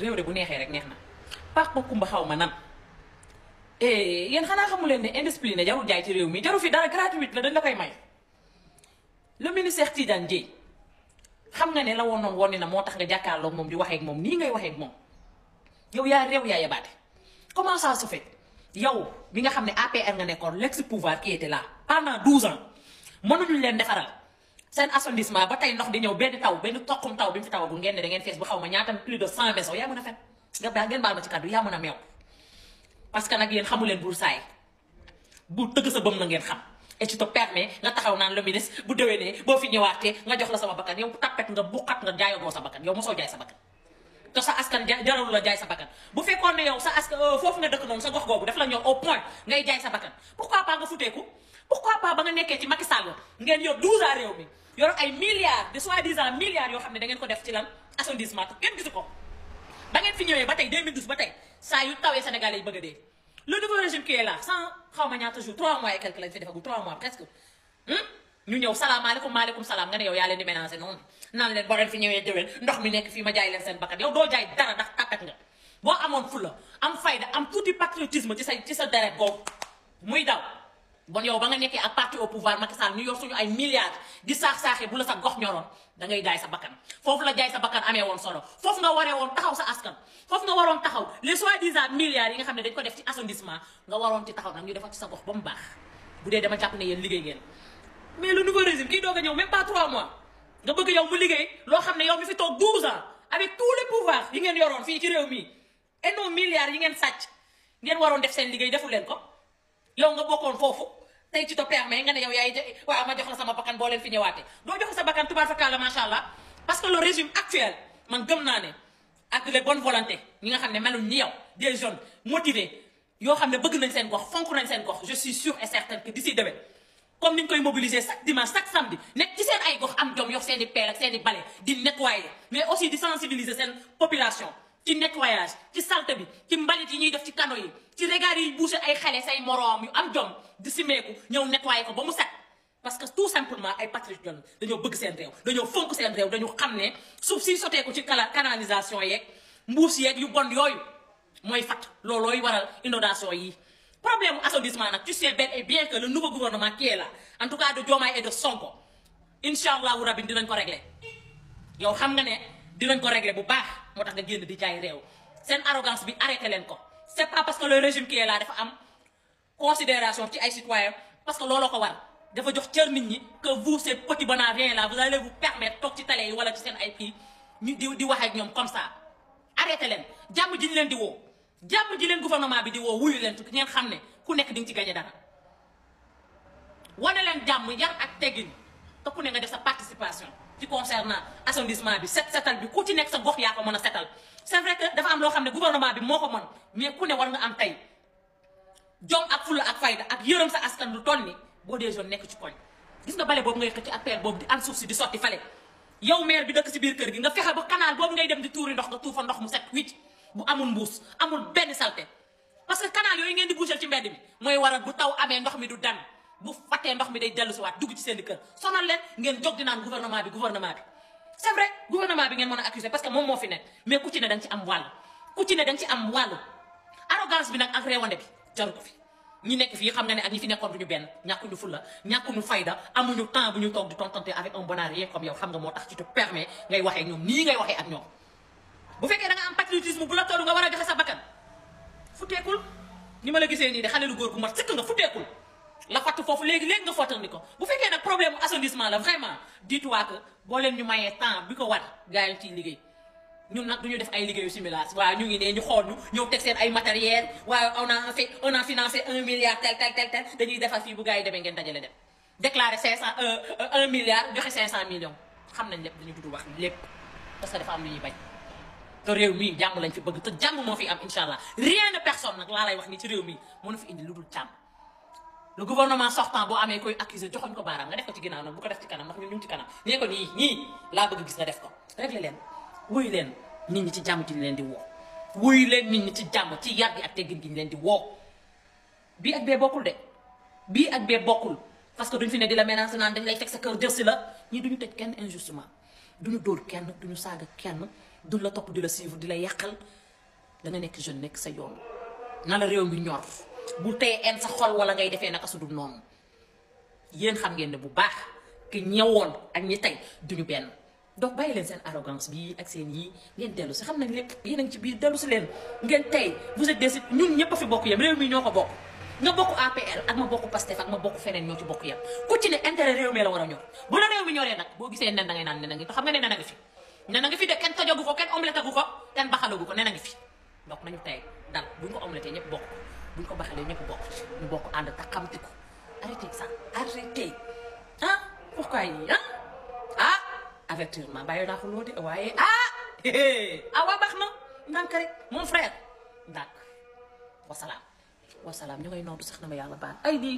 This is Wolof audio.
réew de bu neexee rek neex na paax ba kumba xaw ma nan eh, yéen xanaa xamu leen ne indiscipliné jarul jaay ci réew mi jaru fii dara gratuite la dañ la koy may le ministère Tidiane Dièye xam nga ne la woon noonu woon na moo tax nga jàkkaarloog moom di waxeek moom nii ngay waxeek moom yow yaa réew yaa yabaate comment ça fait yow bi nga xam ne APR nga nekkoon l'ex pouvoir qui était là pendant 12 ans mënuñu leen defaral. seen assainissement ba tey ndox di ñëw benn taw benn toqum taw bi mu fi tawagul ngeen ne da ngeen fees bu xaw ma ñaatam plus de cent maisons yaa mën a fen nga daa ngeen baal ma ci kàddu yaa mën a meew parce que nag yéen xamu leen buur saay bu tëgg sa bëm na ngeen xam et tu te permets nga taxaw naan le ministre bu déwénee boo fi ñëwaatee nga jox la sama bakkan yow tapet nga buqat nga jaayagoo sa bakkan yow mosoo jaay sa bakkan te sa askan jaralu la jaay sa bakkan bu fekkoon ne yow sa askan euh, foofu nga dëkk noonu sa gox googu daf la ñor au point ngay jaay sa bakkan pourquoi pas nga futeeku pourquoi pas ba nga nekkee ci Macky Sall ngeen yor 12 ans réew mi yor ay milliards de soi-disant milliards yoo xam ne da ko def ci lan assainissement kenn gisu ko ba ngeen fi ñëwee ba tey 2012 ba tey saa yu tawee sénégalais yi bëgg a dee le nouveau régime qui est xaw ma ñaata jours 3 mois et quelques lañ fi defagul 3 mois presque hmm? ñu salaam nga ne yow yaa leen di ménager noonu naan leen boo leen fi ñëwee déwén ndox mi nekk fii ma jaay leen seen bakkat yow doo jaay dara ndax tàkkat nga boo amoon fulla am fayda am tuuti patriotisme ci sa ci sa deret boobu muy daw bon yow ba nga nekkee ak parti au pouvoir Macky Sall ñu yor suñu ay milliards di saax saaxee bu la sa gox ñoroon da ngay sa bakkan foofu la jaay sa bakkan amee woon solo foofu nga waree woon taxaw sa askan foofu nga waroon taxaw les soi-disant milliards yi nga xam ne dañ ko def ci arrondissement nga waroon ci taxaw nag ñu defal ci sa gox ba mu baax bu dee dama jàpp ne yéen liggéey ngeen mais le nouveau régime kii doog a ñëw même pas trois nga bëgg yow mu liggéey loo xam ne yow mi fi toog 12 ans avec tous les pouvoirs yi ngeen yoroon fii ci réew mi et nos milliards ngeen waroon def seen liggéey deful leen ko yow nga bokkoon foofu tey ci to permet nga ne yow yaay waaw ma jox na sama bakkan boo leen fi ñëwaatee doo jox sa bakkan tubaab fakkaa la macha allah parce que le régime actuel man gëm naa ne ak les bonnes volontés ñi nga xam ne meluñ ni yow des jeunes motivés yoo xam ne bëgg nañ seen gox fonk nañ seen gox je suis sûr et certain que d'ici demain comme ni ñu koy mobiliser chaque dimanche chaque samedi nekk ci seen ay gox am jom yox seen i peel ak i bale di nettoyer aussi di sensibiliser seen population ci nettoyage ci salte bi ci mbalit yi ñuy def ci kano yi ci regard yi bouché ay xale say moroom yu am jom di simeeku ñëw nettoyé ko ba mu set parce que tout simplement ay patriotes lañu dañoo bëgg seen réew dañoo fonk seen réew dañu xam ne suuf si sotee ko ci canalisation yeeg mbuus yeeg yu bon yooyu mooy fat loolooy waral inondation yi problème assainissement nag ci sais bel et bien que le nouveau gouvernement qui est là en tout cas de Diomaye et de Sonko incha allahu rabbi dinañ ko régler yow xam nga dinañ ko régler bu baax moo tax nga génn di jaay réew seen arrogance bi arrêté leen ko c'est pas parce que le régime qui est là dafa am considération ci ay citoyens parce que looloo ko war dafa jox cër nit ñi que vous ces petits bonavins là vous allez vous permettre toog ci télé yi wala ci seen ay kii ñu di di wax ak ñoom comme saa arrêté leen jàmm ji ñu leen di woo jàmm ji leen gouvernement bi di woo wuyu leen ngeen xam ne ku nekk di ci gañe dara wane leen jàmm yar ak teggin te ne nga def sa participation ci concernant assainissement bi set setal bi ku ci nekk sa gox yaa ko mën a setal c'est vrai que dafa am loo xam ne gouvernement bi moo ko mën mais ku ne war nga am tay jom ak fulla ak fayda ak yërëm sa askan lu toll ni boo dee jeune nekk ci koñ gis nga bale boobu ngay xëcc ak peel boobu di am suuf si di sotti fale yow maire bi dëkk si biir kër gi nga fexe ba canal boobu ngay dem di tuuri ndox nga tuur fa ndox mu set wicc bu amul mbuus amul benn salte parce que canal yooyu ngeen di boucher ci mbedd bi mooy waral bu taw amee ndox mi du dan bu fattee ndox mi day dellu si waat dugg ci seen kër sonal leen ngeen jóg di naan gouvernement bi gouvernement bi c'est vrai gouvernement bi ngeen mën a accuser parce que moom moo fi nekk mais ku ci ne bi nag ak réewande bi jaru fi ñi nekk fii xam nga ne ak ñi fi nekkoon duñu benn ñàkkuñu fulla ñàkkuñu fayda amuñu temps bu ñu toog di tontante moo tax ci te permet ngay waxee ñoom nii ngay waxee ak am patriotisme bu la tollu nga war a joxe sa bakkan futteekul ni ma la gisee nii de xale lu góor gu mat sëkk nga futteekul la fatt foofu léegi léegi nga fottandi ko bu fekkee nag problème assainissement la vraiment dis-toi que leen ñu mayee temps bi ko war gars yi ciy liggéey ñu nag du ñu def ay liggéeyu similaire waaw ñu ngi ne ñu xool ñu teg seen ay matériel waaye on a fait on a financé un milliard tel tel dañuy defar fii bu gars yi demee ngeen dajale dem déclaré cinq cent euh, euh, un milliard joxe cinq cent millions xam nañ lépp dañu dudd wax lépp parce que dafa am ñu ñuy bañ te réew mii jàmm lañ fi bëgg te jàmm moo fi am incha allah rien de personne wax ni ci réew mii mënu indi lu dul jàmm le gouvernement sortant boo amee koy accuser joxoñ ko baaraam nga def ko ci ginnaaw noonu bu ko def ci kanam ndax ñu ngi ci kanam ñee nii ñii laa bëgg gis nga def ko réglé leen wuyu leen nit ñi ci jàmm ci ñu leen di woo wuyu leen nit ñi ci jàmm ci yar gi ak teggin gi ñu leen di woo bii ak bee bokkul de bii ak bee bokkul parce que duñ fi ne di la menacer naan dañ lay teg sa kër jël si la ñii duñu teg kenn injustement ñu dóor kenn du ñu saaga kenn du la topp di la suivre di la yàqal da nekk jeune nekk sa yoon na la réew mi ñor bu tee en sa xol wala ngay defee naka su dul noonu yéen xam ngeen ne bu baax ki ñëwoon ak ñi tey duñu benn donc bàyyi leen seen arrogance bii ak seen yii ngeen dellu si xam nañ lépp yéen a ngi ci dellu si leen ngeen tey vous êtes ñëpp bokk yem réew ñoo ko bokk nga bokk bokk PASTEF ak bokk feneen ñoo ci bokk yem ku ci ne intérêt réew war a ñor bu boo gisee nen da ngay naan nga fi nen a ngi fi de kenn tojogu ko kenn omelette gu ko kenn baxalagu ko nen a ngi fi donc nañu tey dal buñ ko omelette ñëpp bokk bu ñu ko baxalee ñëpp bokk ñu bokk ànd te xam te ko arrêté ça arrêté ah pourquoi yi ah ah bàyyi naa ko de waaye ah ah waa baax na ndànk mon frère ndànk wasalaam wasalaam ñu ngay nootu sax na ma yàlla baal ay di